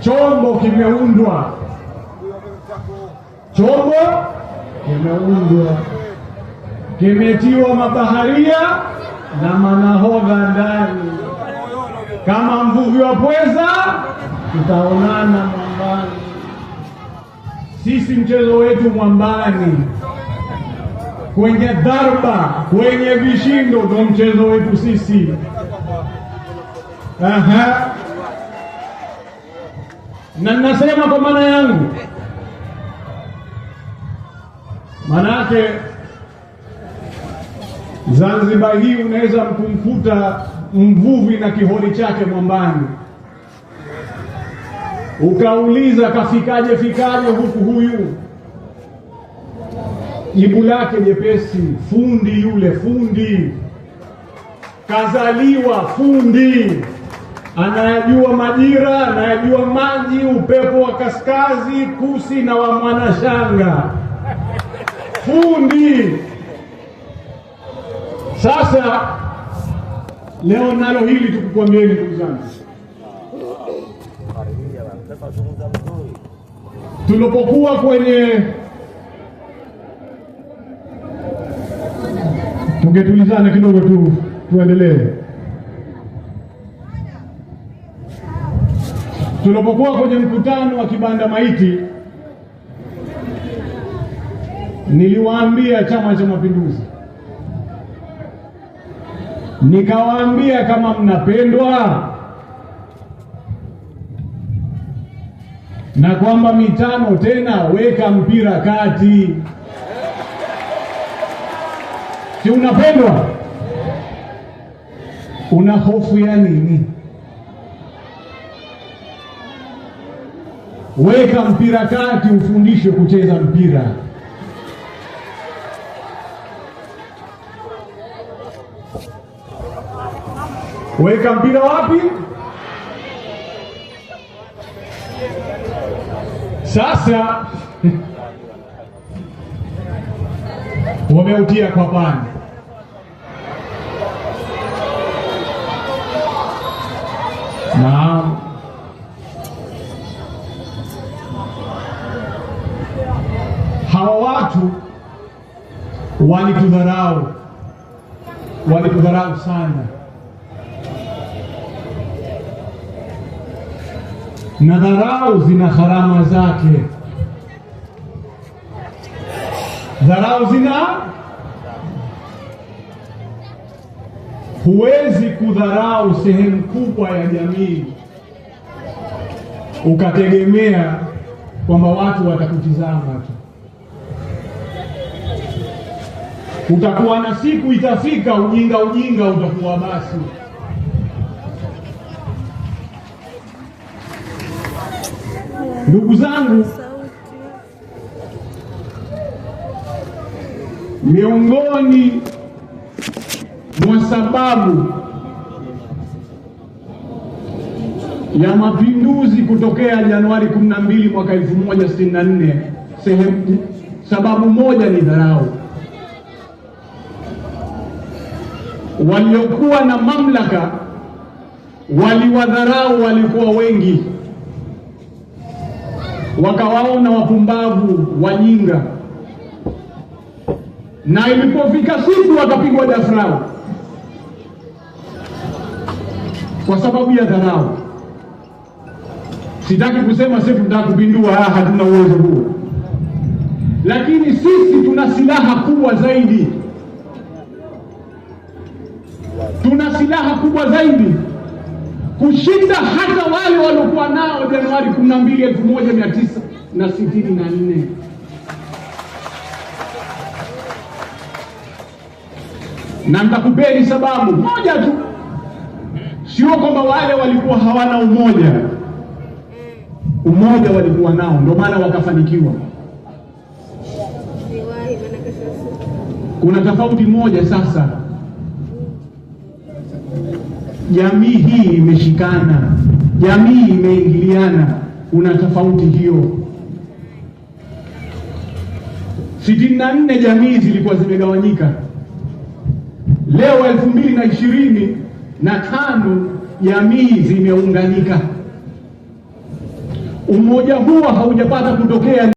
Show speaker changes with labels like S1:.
S1: chombo kimeundwa, chombo kimeundwa, kimetiwa mabaharia na manahoga ndani. Kama mvuvi wa pweza, tutaonana mwambani. Sisi mchezo wetu mwambani, kwenye dharba, kwenye vishindo, ndo mchezo wetu sisi. Aha na ninasema kwa maana yangu, maana yake Zanzibar hii unaweza mkumkuta mvuvi na kihori chake mwambani, ukauliza kafikaje fikaje huku huyu, jibu lake jepesi, fundi yule, fundi kazaliwa fundi anayajua majira, anayajua maji, upepo wa kaskazi, kusi na wa mwanashanga fundi. Sasa leo nalo hili tukukwambieni, ndugu zangu, tulipokuwa kwenye tungetulizana kidogo tu tuendelee. Tulipokuwa kwenye mkutano wa kibanda maiti, niliwaambia Chama cha Mapinduzi, nikawaambia kama mnapendwa na kwamba mitano tena, weka mpira kati, si unapendwa? Una hofu ya nini? weka mpira kati, ufundishe kucheza mpira. Weka mpira wapi? Sasa wameutia kwa bani. Hawa watu walitudharau, walitudharau sana. Na dharau zina gharama zake, dharau zina Huwezi kudharau sehemu kubwa ya jamii ukategemea kwamba watu watakutizama tu. Utakuwa na siku itafika, ujinga ujinga utakuwa basi. Ndugu zangu, miongoni mwa sababu ya mapinduzi kutokea Januari 12 mwaka 1964, sehemu sababu moja ni dharau. Waliokuwa na mamlaka waliwadharau walikuwa wengi, wakawaona wapumbavu, wajinga, na ilipofika siku wakapigwa dafrau kwa sababu ya dharau. Sitaki kusema sisi tunataka kupindua, ah, hatuna uwezo huo, lakini sisi tuna silaha kubwa zaidi, tuna silaha kubwa zaidi kushinda hata wale waliokuwa nao Januari 12, 1964. Na nitakupeni sababu moja tu, sio kwamba wale walikuwa hawana umoja umoja walikuwa nao, ndio maana wakafanikiwa. Kuna tofauti moja sasa, jamii hii imeshikana, jamii imeingiliana. Kuna tofauti hiyo. sitini na nne jamii zilikuwa zimegawanyika. Leo elfu mbili na ishirini na tano jamii zimeunganika. Umoja huo haujapata kutokea.